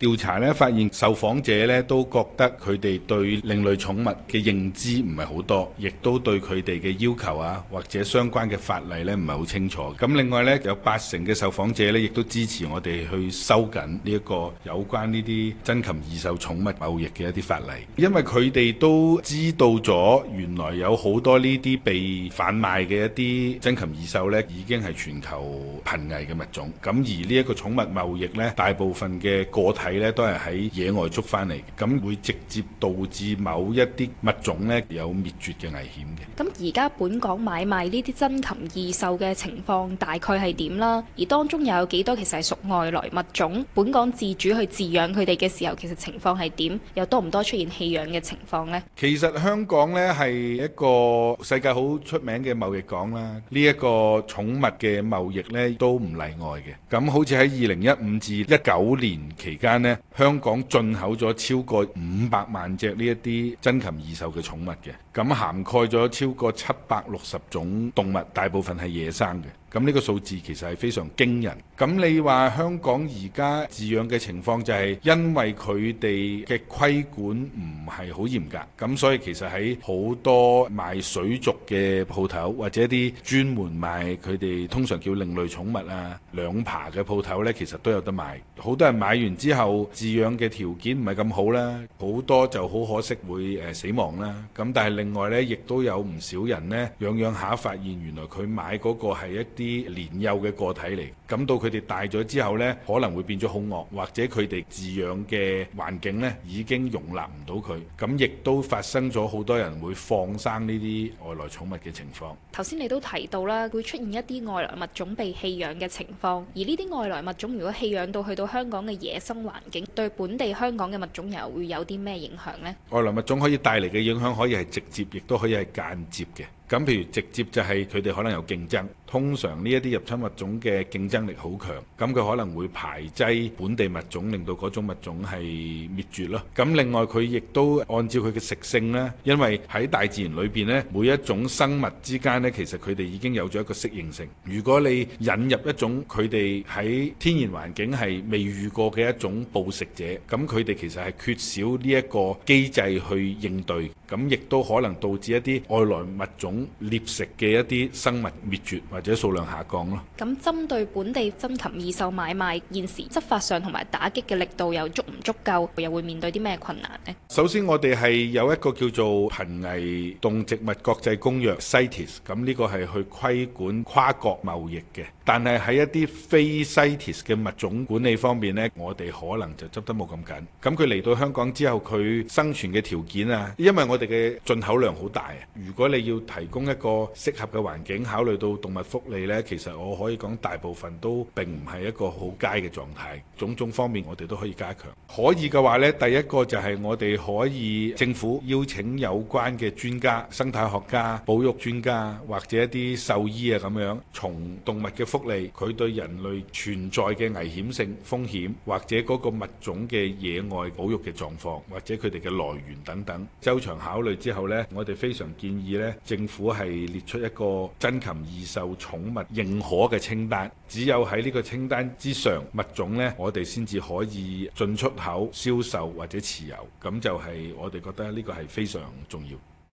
調查咧，發現受訪者咧都覺得佢哋對另類寵物嘅認知唔係好多，亦都對佢哋嘅要求啊或者相關嘅法例咧唔係好清楚。咁另外咧，有八成嘅受訪者咧亦都支持我哋去收緊呢一個有關呢啲珍禽異獸寵物貿易嘅一啲法例，因為佢哋都知道咗原來有好多呢啲被販賣嘅一啲珍禽異獸咧，已經係全球瀕危嘅物種。咁而呢一個寵物貿易咧，大部分嘅個體。係咧，都係喺野外捉翻嚟，咁會直接導致某一啲物種咧有滅絕嘅危險嘅。咁而家本港買賣呢啲珍禽異獸嘅情況大概係點啦？而當中又有幾多其實係屬外來物種？本港自主去飼養佢哋嘅時候，其實情況係點？又多唔多出現棄養嘅情況呢？其實香港呢係一個世界好出名嘅貿易港啦，呢一個寵物嘅貿易呢都唔例外嘅。咁好似喺二零一五至一九年期間，香港進口咗超過五百萬隻呢一啲珍禽異獸嘅寵物嘅，咁涵蓋咗超過七百六十種動物，大部分係野生嘅。咁呢個數字其實係非常驚人。咁你話香港而家飼養嘅情況就係因為佢哋嘅規管唔係好嚴格，咁所以其實喺好多賣水族嘅鋪頭或者啲專門賣佢哋通常叫另類寵物啊兩爬嘅鋪頭呢，其實都有得賣。好多人買完之後飼養嘅條件唔係咁好啦，好多就好可惜會誒死亡啦。咁但係另外呢，亦都有唔少人呢，養養下發現原來佢買嗰個係一啲年幼嘅個體嚟，咁到佢哋大咗之後呢，可能會變咗好惡，或者佢哋飼養嘅環境呢已經容納唔到佢，咁亦都發生咗好多人會放生呢啲外來寵物嘅情況。頭先你都提到啦，會出現一啲外來物種被棄養嘅情況，而呢啲外來物種如果棄養到去到香港嘅野生環境，對本地香港嘅物種又會有啲咩影響呢？外來物種可以帶嚟嘅影響可以係直接，亦都可以係間接嘅。咁譬如直接就係佢哋可能有競爭。通常呢一啲入侵物種嘅競爭力好強，咁佢可能會排擠本地物種，令到嗰種物種係滅絕咯。咁另外佢亦都按照佢嘅食性咧，因為喺大自然裏邊咧，每一種生物之間咧，其實佢哋已經有咗一個適應性。如果你引入一種佢哋喺天然環境係未遇過嘅一種捕食者，咁佢哋其實係缺少呢一個機制去應對，咁亦都可能導致一啲外來物種。獵食嘅一啲生物滅絕或者數量下降咯。咁針對本地珍禽異獸買賣，現時執法上同埋打擊嘅力度又足唔足夠，又會面對啲咩困難咧？首先我哋係有一個叫做《瀕危動植物國際公約》（CITES），咁呢個係去規管跨國貿易嘅。但係喺一啲非 CITES 嘅物種管理方面咧，我哋可能就執得冇咁緊。咁佢嚟到香港之後，佢生存嘅條件啊，因為我哋嘅進口量好大啊。如果你要提供一個適合嘅環境，考慮到動物福利咧，其實我可以講大部分都並唔係一個好佳嘅狀態，種種方面我哋都可以加強，可以嘅話咧，第一個就係我哋可以政府邀請有關嘅專家、生態學家、保育專家或者一啲獸醫啊咁樣從動物嘅福利、佢對人類存在嘅危險性風險或者嗰個物種嘅野外保育嘅狀況或者佢哋嘅來源等等，周詳考慮之後咧，我哋非常建議咧政府。府係列出一個珍禽異獸寵物認可嘅清單，只有喺呢個清單之上物種咧，我哋先至可以進出口、銷售或者持有。咁就係我哋覺得呢個係非常重要。